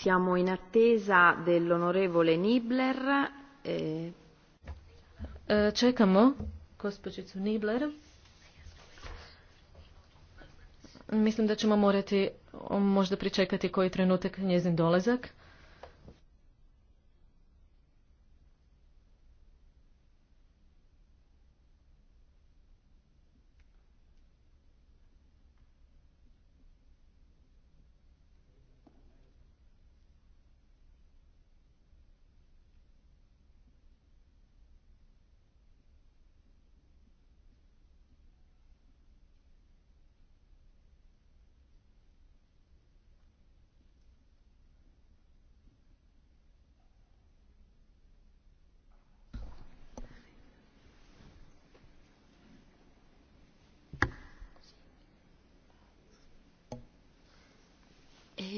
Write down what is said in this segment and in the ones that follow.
Siamo in attesa dell'onorevole Nibler. E... Čekamo gospođicu Nibler. Mislim da ćemo morati možda pričekati koji trenutak njezin dolazak.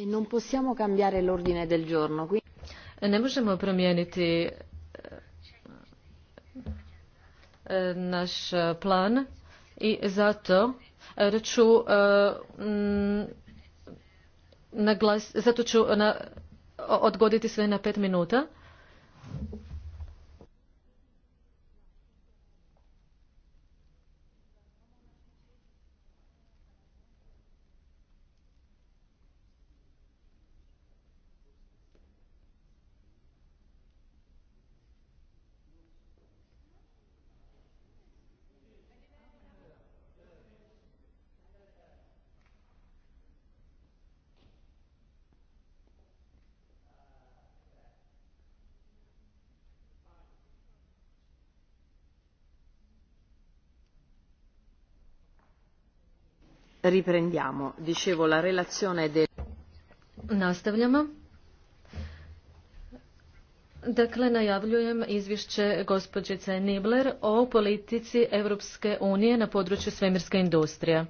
Eh, non possiamo cambiare l'ordine del giorno. Ne možemo promijeniti eh, naš plan i zato eh, ću naglas, zato ću na, odgoditi sve na pet minuta. Riprendiamo. Dicevo, la Nastavljamo. Dakle, najavljujem izvješće gospođice Nibler o politici Europske unije na području svemirske industrije.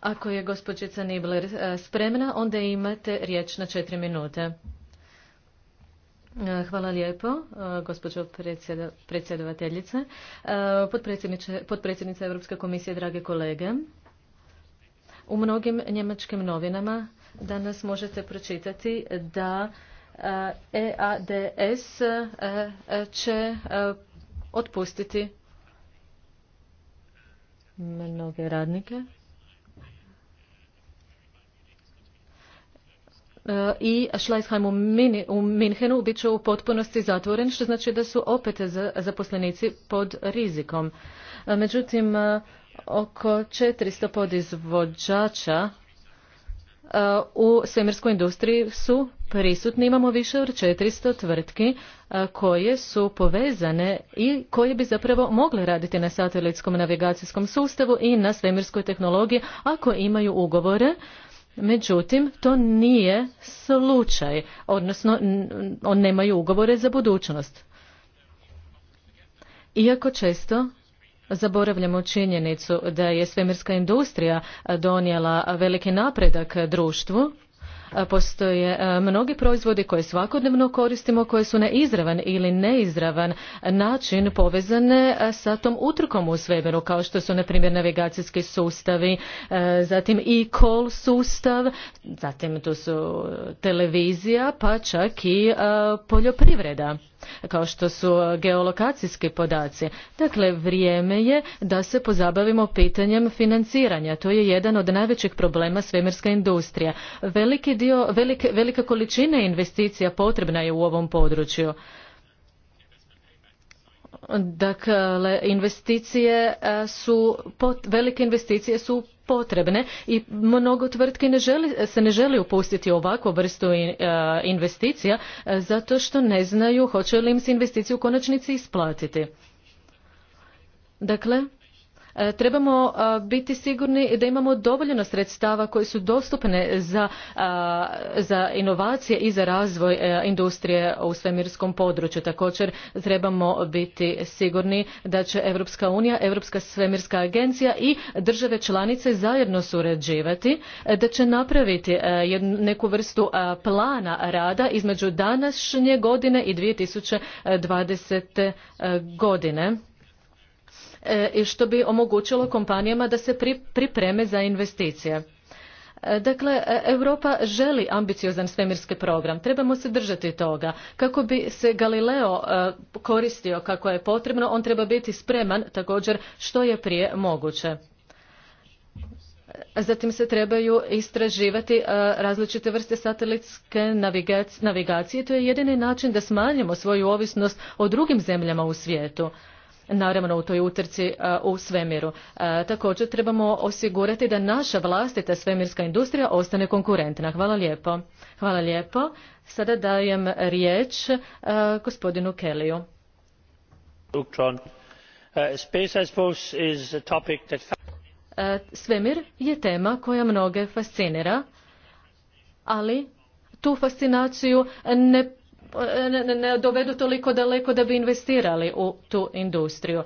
Ako je gospođica Nibler e, spremna, onda imate riječ na četiri minute. E, hvala lijepo, e, gospođo predsjedavateljice, potpredsjednica Europske komisije, drage kolege. U mnogim njemačkim novinama danas možete pročitati da EADS e e, će e, otpustiti mnoge radnike. i Schleisheim u, Minhenu bit će u potpunosti zatvoren, što znači da su opet zaposlenici pod rizikom. Međutim, oko 400 podizvođača e, u svemirskoj industriji su prisutni. Imamo više od 400 tvrtki e, koje su povezane i koje bi zapravo mogle raditi na satelitskom navigacijskom sustavu i na svemirskoj tehnologiji ako imaju ugovore. Međutim, to nije slučaj, odnosno on nemaju ugovore za budućnost. Iako često Zaboravljamo činjenicu da je svemirska industrija donijela veliki napredak društvu E, postoje e, mnogi proizvodi koje svakodnevno koristimo, koje su na izravan ili neizravan način povezane e, sa tom utrkom u svemiru, kao što su, na primjer, navigacijski sustavi, zatim i e call sustav, zatim tu su televizija, pa čak i poljoprivreda kao što su geolokacijski podaci. Dakle, vrijeme je da se pozabavimo pitanjem financiranja. To je jedan od najvećih problema svemirska industrija. Veliki dio, velika količina investicija potrebna je u ovom području. Dakle, investicije e, su, velike investicije su potrebne i mnogo tvrtki se ne želi upustiti u ovakvu vrstu e, investicija e, zato što ne znaju hoće li im se investicije u konačnici isplatiti. Dakle, E, trebamo e, biti sigurni da imamo dovoljno sredstava koji su dostupne za, e, inovacije i za razvoj industrije u svemirskom području. Također trebamo biti sigurni da će Europska unija, Europska svemirska agencija i države članice zajedno surađivati, da će napraviti neku vrstu plana rada između današnje godine i 2020. godine E, i što bi omogućilo kompanijama da se pripreme za investicije. E, dakle, e, Europa želi ambiciozan svemirski program. Trebamo se držati toga. Kako bi se Galileo koristio kako je potrebno, on treba biti spreman također što je prije moguće. Zatim se trebaju istraživati različite vrste satelitske navigacije. To je jedini način da smanjimo svoju ovisnost o drugim zemljama u svijetu naravno u toj utrci e, u svemiru. E, također trebamo osigurati da naša vlastita svemirska industrija ostane konkurentna. Hvala lijepo. Hvala lijepo. Sada dajem riječ e, gospodinu Kelliju. Svemir je tema koja mnoge fascinira, ali tu fascinaciju ne ne dovedu toliko daleko da bi investirali u tu industriju.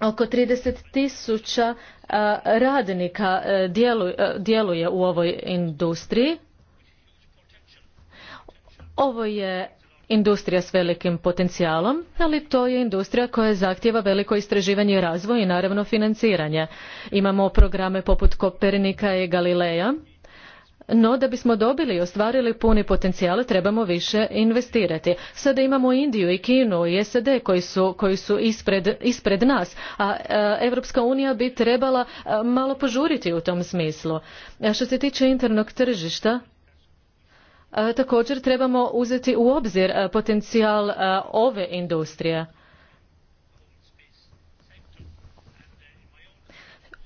Oko 30.000 tisuća radnika djeluje u ovoj industriji. Ovo je industrija s velikim potencijalom, ali to je industrija koja zahtjeva veliko istraživanje i razvoj i naravno financiranje. Imamo programe poput Kopernika i Galileja no da bismo dobili i ostvarili puni potencijal trebamo više investirati. Sada imamo Indiju i Kinu i SAD koji su, ispred, nas, a Europska unija bi trebala e, malo požuriti u tom smislu. A e, što se tiče internog tržišta, e, također trebamo uzeti u obzir potencijal ove industrije.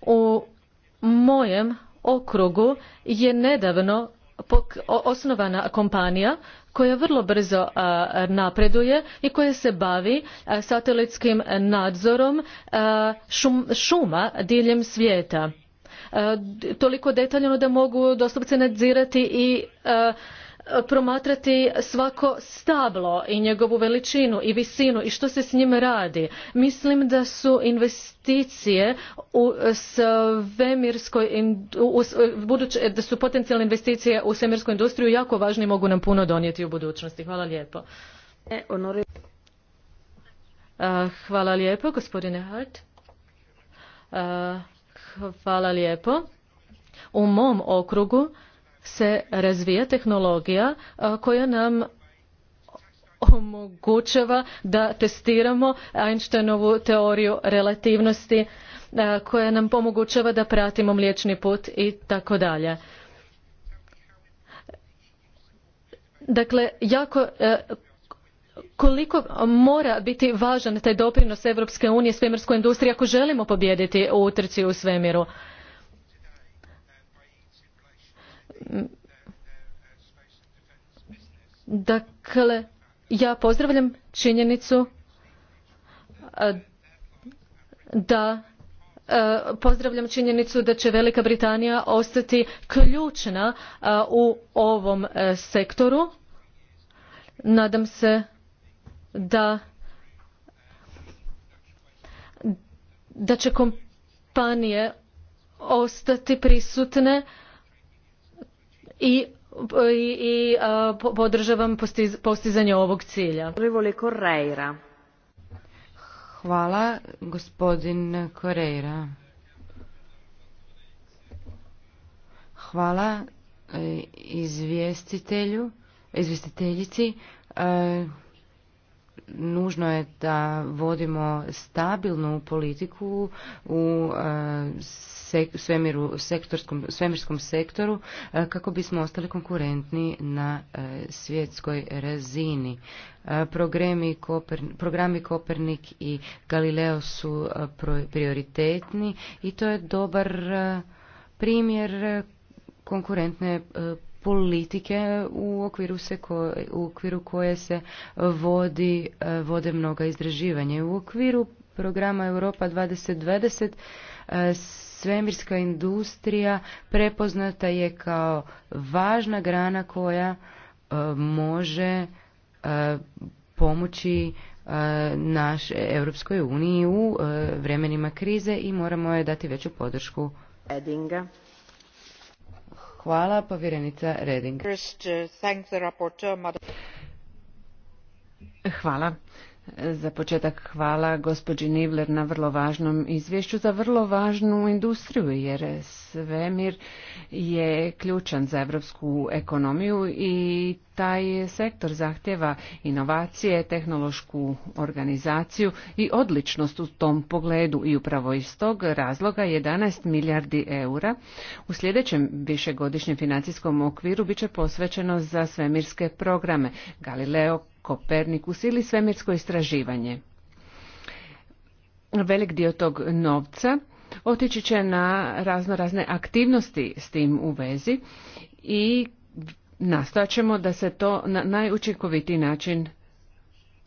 U mojem okrugu je nedavno osnovana kompanija koja vrlo brzo napreduje i koja se bavi satelitskim nadzorom šuma diljem svijeta. Toliko detaljno da mogu doslovce nadzirati i promatrati svako stablo i njegovu veličinu i visinu i što se s njim radi. Mislim da su investicije u svemirskoj da su potencijalne investicije u svemirsku industriju jako važne i mogu nam puno donijeti u budućnosti. Hvala lijepo. E, hvala lijepo, gospodine Hart. Hvala lijepo. U mom okrugu se razvija tehnologija koja nam omogućava da testiramo Einsteinovu teoriju relativnosti koja nam pomogućava da pratimo mliječni put i tako dalje. Dakle, jako e, koliko mora biti važan taj doprinos Europske unije svemirskoj industriji ako želimo pobijediti u utrci u svemiru. Dakle, ja pozdravljam činjenicu da pozdravljam činjenicu da će Velika Britanija ostati ključna u ovom e, sektoru. Nadam se da da će kompanije ostati prisutne i i podržavam postizanje ovog cilja. Hvala, gospodin Correira. Hvala e, izvjestitelju, izvjestiteljici. E, nužno je da vodimo stabilnu politiku u e, svemiru, sektorskom, svemirskom sektoru e, kako bismo ostali konkurentni na e, svjetskoj razini. Programi, Kopernik, programi Kopernik i Galileo su prioritetni i to je dobar primjer konkurentne politike u okviru, u okviru koje se vodi, e, vode mnoga izdraživanja. U okviru programa Europa 2020 e, svemirska industrija prepoznata je kao važna grana koja e, može pomoći naš Europskoj uniji u vremenima krize i moramo je dati veću podršku. Edinga. Hvala povjerenica Reding. Uh, Hvala. Za početak hvala gospođi Nivler na vrlo važnom izvješću za vrlo važnu industriju jer svemir je ključan za evropsku ekonomiju i taj sektor zahtjeva inovacije, tehnološku organizaciju i odličnost u tom pogledu i upravo iz tog razloga 11 milijardi eura u sljedećem višegodišnjem financijskom okviru bit će posvećeno za svemirske programe Galileo, Kopernikus ili svemirsko istraživanje. Velik dio tog novca otići će na razno razne aktivnosti s tim u vezi i nastojaćemo da se to na najučinkovitiji način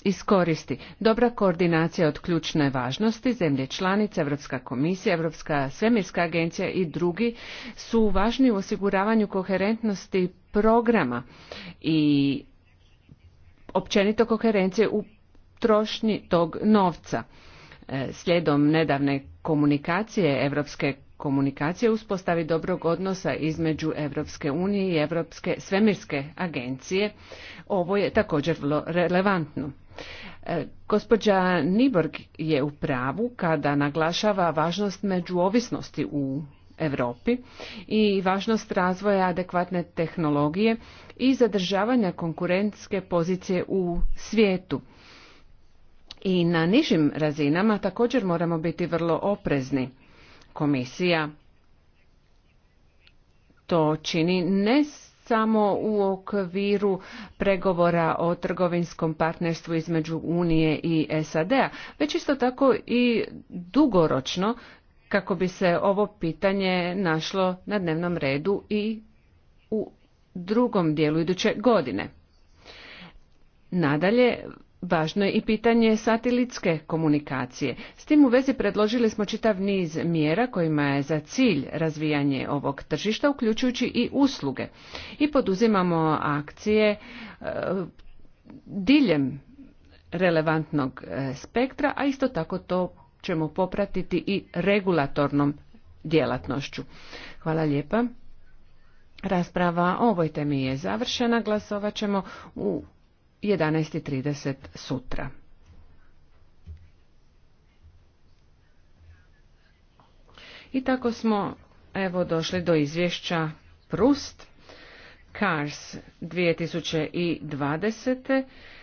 iskoristi. Dobra koordinacija od ključne važnosti, zemlje članice, Europska komisija, Europska svemirska agencija i drugi su važni u osiguravanju koherentnosti programa i općenito koherencije u trošnji tog novca. E, slijedom nedavne komunikacije Europske komunikacije uspostavi dobrog odnosa između Europske unije i Europske svemirske agencije. Ovo je također vrlo relevantno. E, gospođa Niborg je u pravu kada naglašava važnost međuovisnosti u Europi i važnost razvoja adekvatne tehnologije i zadržavanja konkurentske pozicije u svijetu. I na nižim razinama također moramo biti vrlo oprezni. Komisija to čini ne samo u okviru pregovora o trgovinskom partnerstvu između Unije i SAD-a, već isto tako i dugoročno kako bi se ovo pitanje našlo na dnevnom redu i u drugom dijelu iduće godine. Nadalje, Važno je i pitanje satelitske komunikacije. S tim u vezi predložili smo čitav niz mjera kojima je za cilj razvijanje ovog tržišta, uključujući i usluge. I poduzimamo akcije e, diljem relevantnog e, spektra, a isto tako to ćemo popratiti i regulatornom djelatnošću. Hvala lijepa. Rasprava o ovoj temi je završena. Glasovat ćemo u 11.30 sutra. I tako smo evo došli do izvješća Prust, Cars 2020.